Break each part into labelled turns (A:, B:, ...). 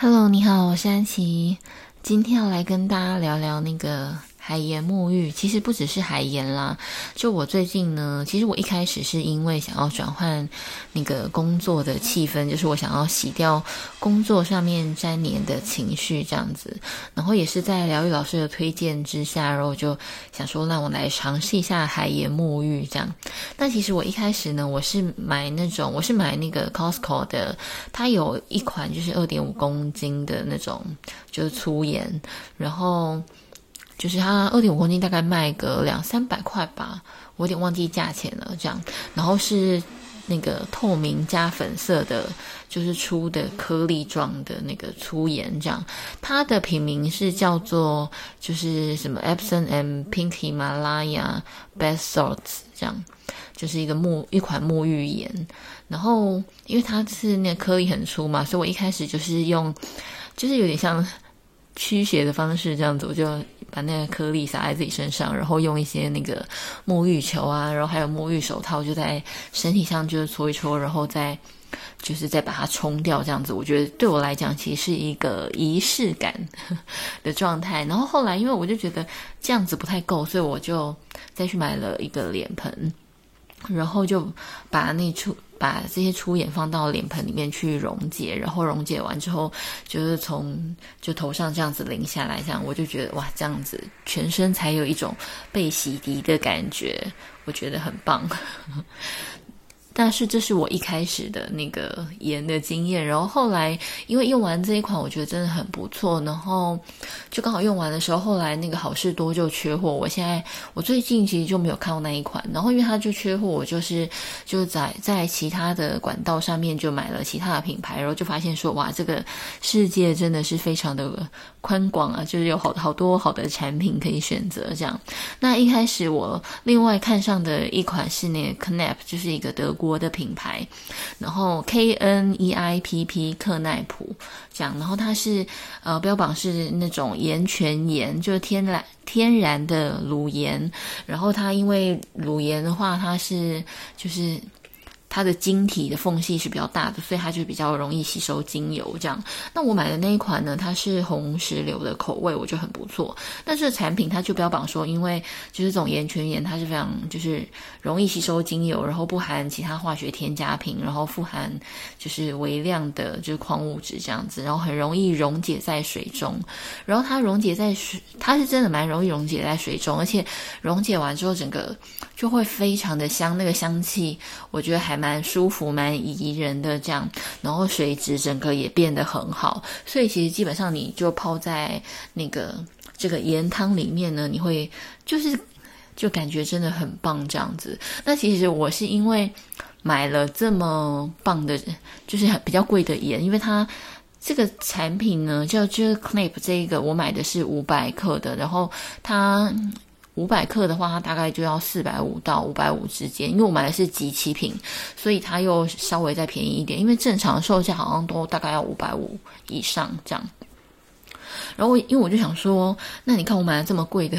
A: Hello，你好，我是安琪，今天要來跟大家聊聊那個。海鹽沐浴其實不只是海鹽啦，就我最近呢，其實我一開始是因為想要轉換那個工作的氣氛，就是我想要洗掉工作上面粘黏的情緒這樣子，然後也是在療癒老師的推薦之下，然後就想說讓我來嘗試一下海鹽沐浴這樣。但其實我一開始呢，我是買那種，我是買那個 Costco 的，它有一款就是二點五公斤的那種，就是粗鹽，然後。就是它二點五公斤，大概賣個兩三百塊吧，我有點忘記價錢了。這樣，然後是那個透明加粉色的，就是粗的顆粒狀的那個粗鹽，這樣。它的品名是叫做就是什麼 Epsom and Pink Himalaya Bath Salts，這樣，就是一個沐一款沐浴鹽。然後因為它是那個顆粒很粗嘛，所以我一開始就是用，就是有點像。驅邪的方式，這樣子我就把那個顆粒撒在自己身上，然後用一些那個沐浴球啊，然後還有沐浴手套，就在身體上就是搓一搓，然後再就是再把它沖掉，這樣子我覺得對我來講其實是一個儀式感的狀態。然後後來因為我就覺得這樣子不太夠，所以我就再去買了一個臉盆，然後就把那處。把這些粗鹽放到臉盆裡面去溶解，然後溶解完之後，就是從就頭上這樣子淋下來，這樣我就覺得哇，這樣子全身才有一種被洗滌的感覺，我覺得很棒。 那是這是我一開始的那個鹽的經驗，然後後來因為用完這一款，我覺得真的很不錯，然後就剛好用完的時候，後來那個好事多就缺貨。我現在我最近其實就沒有看過那一款，然後因為它就缺貨，我就是就在在其他的管道上面就買了其他的品牌，然後就發現說，哇，這個世界真的是非常的寬廣啊，就是有好好多好的產品可以選擇這樣。那一開始我另外看上的一款是那個 Kneipp，就是一個德國。國的品牌，然後 K N E I P P 克奈普這樣，然後它是呃標榜是那種鹽泉鹽，就是天然天然的滷鹽，然後它因為滷鹽的話他，它是就是。它的晶體的縫隙是比較大的，所以它就比較容易吸收精油。這樣，那我買的那一款呢，它是紅石榴的口味，我覺得很不錯。但是產品它就標榜說，因為就是這種岩泉鹽，它是非常就是容易吸收精油，然後不含其他化學添加品，然後富含就是微量的就是礦物質這樣子，然後很容易溶解，在水中。然後它溶解在水，它是真的蠻容易溶解在水中，而且溶解完之後，整個就會非常的香，那個香氣我覺得還蠻。蠻舒服，蠻宜人的這樣，然後水質整個也變得很好，所以其實基本上你就泡在那個這個鹽湯裡面呢，你會就是就感覺真的很棒這樣子。那其實我是因為買了這麼棒的，就是比較貴的鹽，因為它這個產品呢叫 Jule Clip 這一個，我買的是五百克的，然後它五百克的話，它大概就要四百五到五百五之間，因為我買的是即期品，所以它又稍微再便宜一點，因為正常的售價好像都大概要五百五以上這樣。然後我因為我就想說，那你看我買了這麼貴的，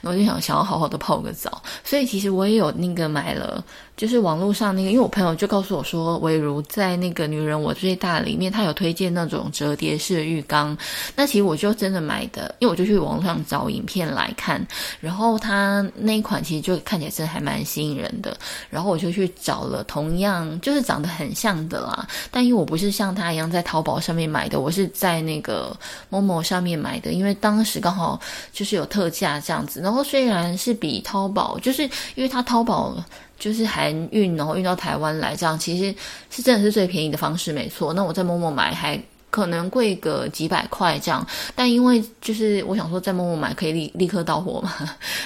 A: 然後我就想想要好好的泡個澡，所以其實我也有那個買了，就是網絡上那個，因為我朋友就告訴我說，唯如在那個女人我最大裡面，他有推薦那種折疊式浴缸。那其實我就真的買的，因為我就去網絡上找影片來看，然後他那一款其實就看起來真的還蠻吸引人的，然後我就去找了同樣就是長得很像的啦。但因為我不是像他一樣在淘寶上面買的，我是在那個 momo 上。上面買的，因為當時剛好就是有特價這樣子，然後雖然是比淘寶，就是因為它淘寶就是含運，然後運到台灣來這樣，其實是真的是最便宜的方式，沒錯。那我在陌陌買，還可能貴個幾百塊這樣，但因為就是我想說，在陌陌買可以立立刻到貨嘛，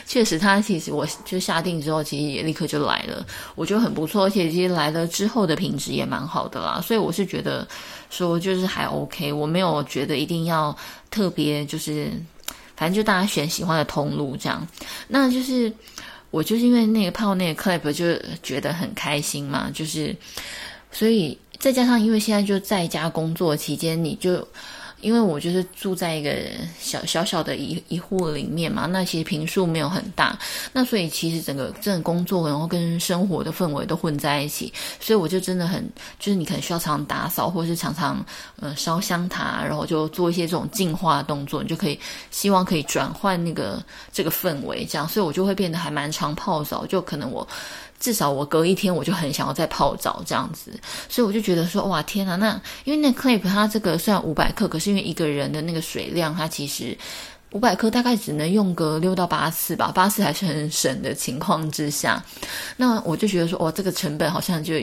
A: 確實，它其實我就下定之後，其實也立刻就來了，我覺得很不錯，而且其實來了之後的品質也蠻好的啦，所以我是覺得。說就是還 OK，我沒有覺得一定要特別，就是反正就大家選喜歡的通路這樣。那就是我就是因為那個泡那個 clip 就覺得很開心嘛，就是所以再加上因為現在就在家工作期間，你就。因為我就是住在一個小小小的一一戶裡面嘛，那其實坪數沒有很大，那所以其實整個這種工作，然後跟生活的氛圍都混在一起，所以我就真的很，就是你可能需要常常打掃，或者是常常嗯、呃、燒香塔，然後就做一些這種淨化的動作，你就可以希望可以轉換那個這個氛圍，這樣，所以我就會變得還蠻常泡澡，就可能我。至少我隔一天，我就很想要再泡澡這樣子，所以我就覺得說，哇，天吶，那因為那 Clip 它這個雖然五百克，可是因為一個人的那個水量，它其實。五百克大概只能用個六到八次吧，八次還是很省的情況之下，那我就覺得說，哇、哦，這個成本好像就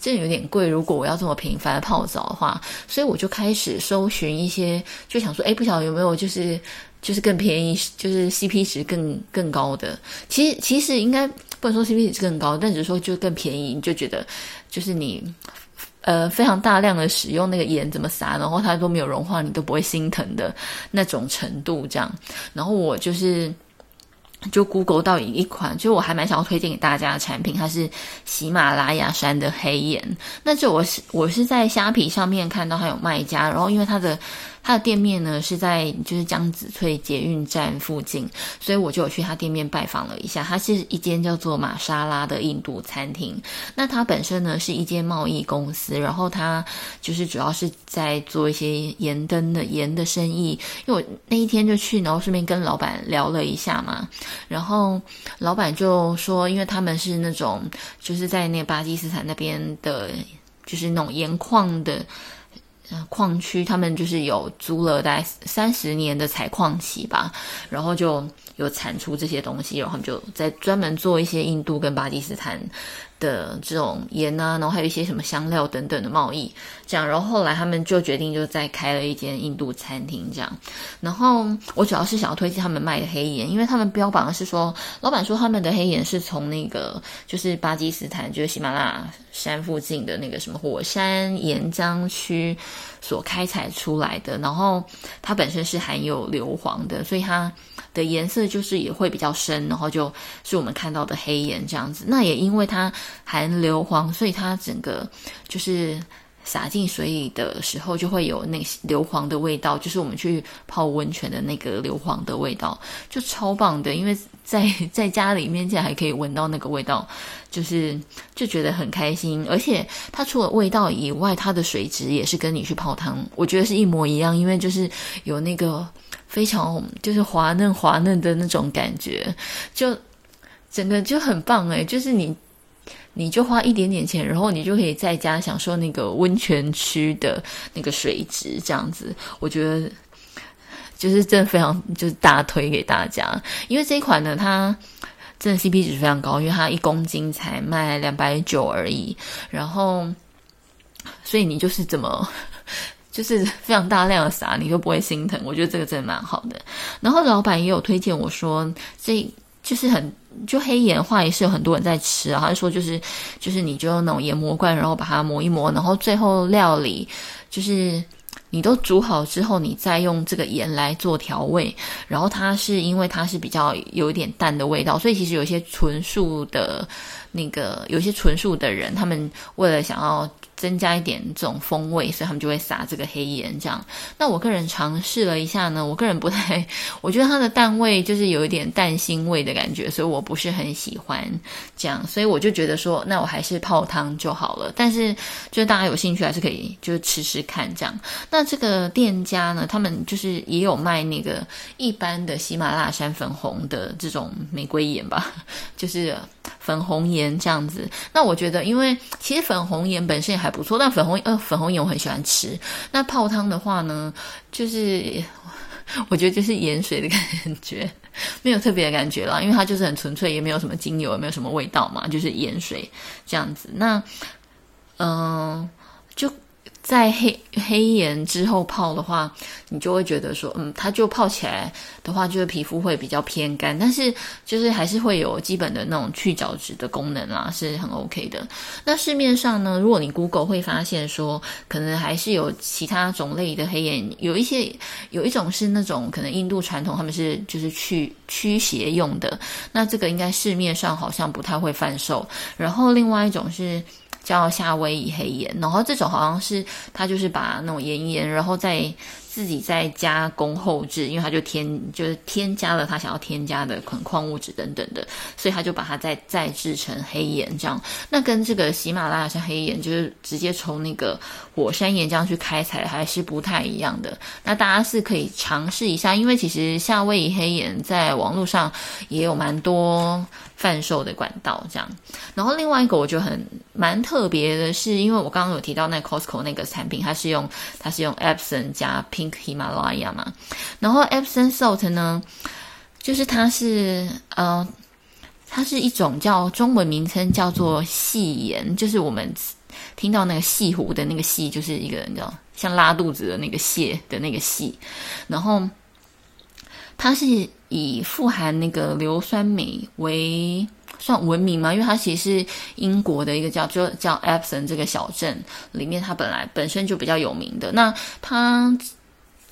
A: 真有點貴，如果我要這麼頻繁的泡澡的話，所以我就開始搜尋一些，就想說，哎，不曉得有沒有就是就是更便宜，就是 CP 值更更高的。其實其實應該不能說 CP 值更高，但只是說就更便宜，你就覺得就是你。呃，非常大量的使用那個鹽怎麼撒，然後它都沒有融化，你都不會心疼的那種程度，這樣。然後我就是就 Google 到一款，就我還蠻想要推薦給大家的產品，它是喜馬拉雅山的黑鹽。那就我是我是在蝦皮上面看到它有賣家，然後因為它的。他的店面呢，是在就是江子翠捷運站附近，所以我就有去他店面拜訪了一下。他是一間叫做瑪莎拉的印度餐廳。那他本身呢，是一間貿易公司，然後他就是主要是在做一些鹽燈的鹽的生意。因為我那一天就去，然後順便跟老板聊了一下嘛，然後老板就說，因為他們是那種就是在那巴基斯坦那邊的，就是那種鹽礦的。礦區，他們就是有租了大概三十年的採礦期吧，然後就有產出這些東西，然後他們就在專門做一些印度跟巴基斯坦。的這種鹽呢、啊，然後還有一些什麼香料等等的貿易，這樣，然後後來他們就決定，就再開了一間印度餐廳，這樣。然後我主要是想要推薦他們賣的黑鹽，因為他們標榜的是說，老板說他們的黑鹽是從那個就是巴基斯坦，就是喜馬拉雅山附近的那個什麼火山岩漿區所開採出來的，然後它本身是含有硫磺的，所以它的顏色就是也會比較深，然後就是我們看到的黑鹽這樣子。那也因為它。含硫磺，所以它整個就是灑進水裡的時候就會有那硫磺的味道，就是我們去泡溫泉的那個硫磺的味道，就超棒的。因為在在家裡面竟然還可以聞到那個味道，就是就覺得很開心。而且它除了味道以外，它的水質也是跟你去泡湯，我覺得是一模一樣。因為就是有那個非常就是滑嫩滑嫩的那種感覺，就整個就很棒欸，就是你。你就花一點點錢，然後你就可以在家享受那個溫泉區的那個水質，這樣子，我覺得就是真的非常就是大推給大家，因為這一款呢，它真的 CP 值非常高，因為它一公斤才賣兩百九而已，然後所以你就是怎麼就是非常大量的撒，你都不會心疼，我覺得這個真的蠻好的。然後老闆也有推薦我說這。就是很就黑鹽的話也是有很多人在吃啊，他就說就是就是你就用那種研磨罐，然後把它磨一磨，然後最後料理就是你都煮好之後，你再用這個鹽來做調味。然後它是因為它是比較有一點淡的味道，所以其實有一些純素的。那個有些純素的人，他們為了想要增加一點這種風味，所以他們就會撒這個黑鹽這樣。那我個人嘗試了一下呢，我個人不太，我覺得它的蛋味就是有一點蛋腥味的感覺，所以我不是很喜歡這樣。所以我就覺得說，那我還是泡湯就好了。但是，就大家有興趣還是可以就吃吃看這樣。那這個店家呢，他們就是也有賣那個一般的喜馬拉雅山粉紅的這種玫瑰鹽吧，就是粉紅鹽。這樣子，那我覺得，因為其實粉紅鹽本身也還不錯，但粉紅呃粉紅鹽我很喜歡吃。那泡湯的話呢，就是我覺得就是鹽水的感覺，沒有特別的感覺啦，因為它就是很純粹，也沒有什麼精油，也沒有什麼味道嘛，就是鹽水這樣子。那嗯、呃，就。在黑，黑鹽之後泡的話，你就會覺得說，嗯，它就泡起來的話，就是皮膚會比較偏乾，但是就是還是會有基本的那種去角質的功能啊，是很 OK 的。那市面上呢，如果你 Google 會發現說，可能還是有其他種類的黑鹽，有一些有一種是那種可能印度傳統，他們是就是去驅邪用的，那這個應該市面上好像不太會販售。然後另外一種是叫夏威夷黑鹽，然後這種好像是它就是把那種岩鹽，鹽，然後再自己再加工後製，因為它就添就是添加了它想要添加的礦礦物質等等的，所以它就把它再再製成黑鹽這樣。那跟這個喜馬拉雅山黑鹽，就是直接從那個。火山岩漿去開採還是不太一樣的，那大家是可以嘗試一下，因為其實夏威夷黑鹽在網絡上也有蠻多販售的管道這樣。然後另外一個我就很蠻特別的是，因為我剛剛有提到那 Costco 那個產品，它是用它是用 Epsom 加 Pink Himalaya 嘛，然後 Epsom Salt 呢，就是它是呃它是一種叫中文名稱叫做瀉鹽，就是我們。聽到那個瀉鹽的那個瀉，就是一個你知道像拉肚子的那個瀉的那個瀉，然後它是以富含那個硫酸鎂為算聞名嘛，因為它其實是英國的一個叫叫叫 Epsom 這個小鎮裡面，它本來本身就比較有名的。那它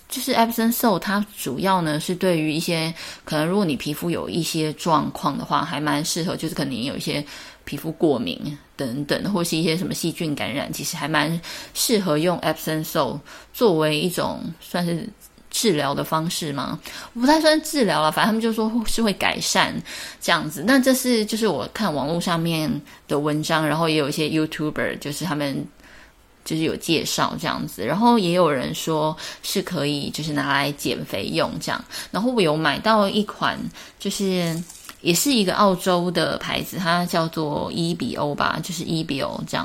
A: 就是 Epsom Salt，它主要呢是對於一些可能如果你皮膚有一些狀況的話，還蠻適合，就是可能有一些。皮膚過敏等等，或是一些什麼細菌感染，其實還蠻適合用 Epsom salt 作為一種算是治療的方式嗎？不太算治療了，反正他們就說是會改善這樣子。那這是就是我看網絡上面的文章，然後也有一些 YouTuber 就是他們就是有介紹這樣子，然後也有人說是可以就是拿來減肥用這樣。然後我有買到一款就是。也是一個澳洲的牌子，它叫做 EBO 吧，就是 EBO 這樣。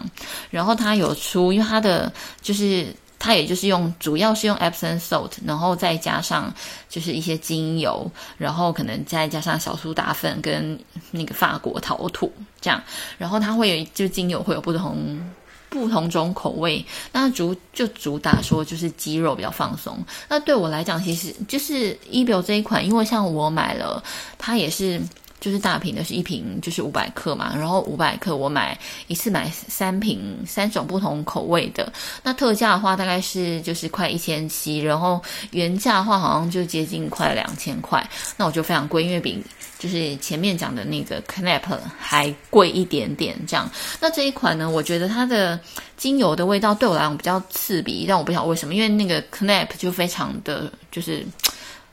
A: 然後它有出，因為它的就是它也就是用，主要是用 Epsom salt，然後再加上就是一些精油，然後可能再加上小蘇打粉跟那個法國陶土這樣。然後它會有，就精油會有不同不同種口味，那主就主打說就是肌肉比較放鬆。那對我來講，其實就是 EBO 這一款，因為像我買了，它也是。就是大瓶的，是一瓶就是五百克嘛，然後五百克我買一次買三瓶三種不同口味的，那特價的話大概是就是快一千七，然後原價的話好像就接近快兩千塊，那我就非常貴，因為比就是前面講的那個 Knapp 還貴一點點這樣。那這一款呢，我覺得它的精油的味道對我來講比較刺鼻，但我不曉得為什麼，因為那個 Knapp 就非常的就是。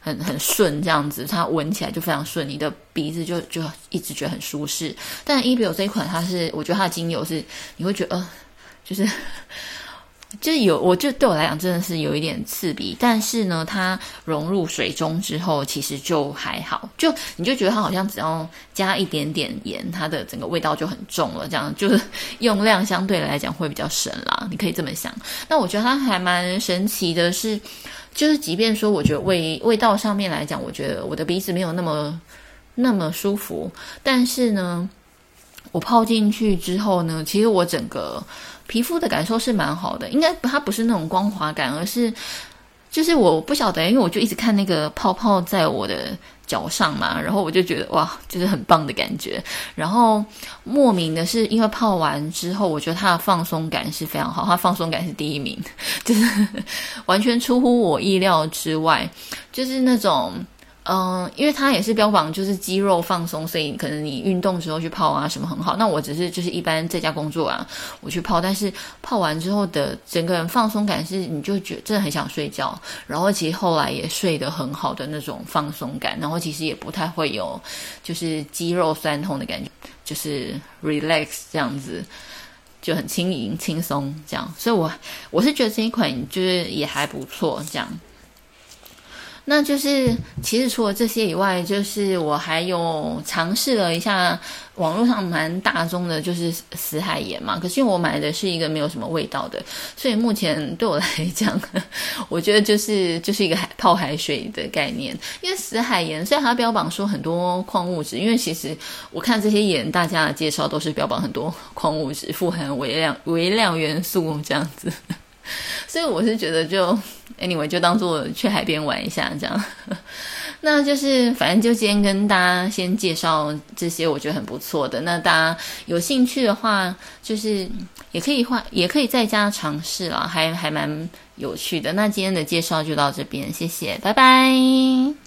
A: 很很順，這樣子，它聞起來就非常順，你的鼻子就就一直覺得很舒適。但 Ebio 這一款，它是我覺得它的精油是你會覺得、呃、就是就是有，我就對我來講真的是有一點刺鼻。但是呢，它融入水中之後，其實就還好，就你就覺得它好像只要加一點點鹽，它的整個味道就很重了。這樣就是用量相對來講會比較省啦，你可以這麼想。那我覺得它還蠻神奇的是。就是，即便說，我覺得味味道上面來講，我覺得我的鼻子沒有那麼那麼舒服，但是呢，我泡進去之後呢，其實我整個皮膚的感受是蠻好的，應該它不是那種光滑感，而是就是我不曉得，因為我就一直看那個泡泡在我的。腳上嘛，然後我就覺得哇，就是很棒的感覺。然後莫名的是，因為泡完之後，我覺得它的放鬆感是非常好，它放鬆感是第一名，就是呵呵完全出乎我意料之外，就是那種。嗯，因為它也是標榜就是肌肉放鬆，所以可能你運動之後去泡啊什麼很好。那我只是就是一般在家工作啊，我去泡，但是泡完之後的整個人放鬆感是，你就覺得真的很想睡覺，然後其實後來也睡得很好的那種放鬆感，然後其實也不太會有就是肌肉痠痛的感覺，就是 relax 這樣子就很輕盈輕鬆這樣。所以我我是覺得這一款就是也還不錯這樣。那就是，其實除了這些以外，就是我還有嘗試了一下網絡上蠻大眾的，就是死海鹽嘛。可是我買的是一個沒有什麼味道的，所以目前對我來講，我覺得就是就是一個海泡海水的概念。因為死海鹽雖然它標榜說很多礦物質，因為其實我看這些鹽大家的介紹都是標榜很多礦物質，富含微量微量元素這樣子。所以我是覺得就，就 anyway，就當做去海邊玩一下這樣。 那就是反正就今天跟大家先介紹這些，我覺得很不錯的。那大家有興趣的話，就是也可以畫，也可以在家嘗試啦，還還蠻有趣的。那今天的介紹就到這邊，謝謝，拜拜。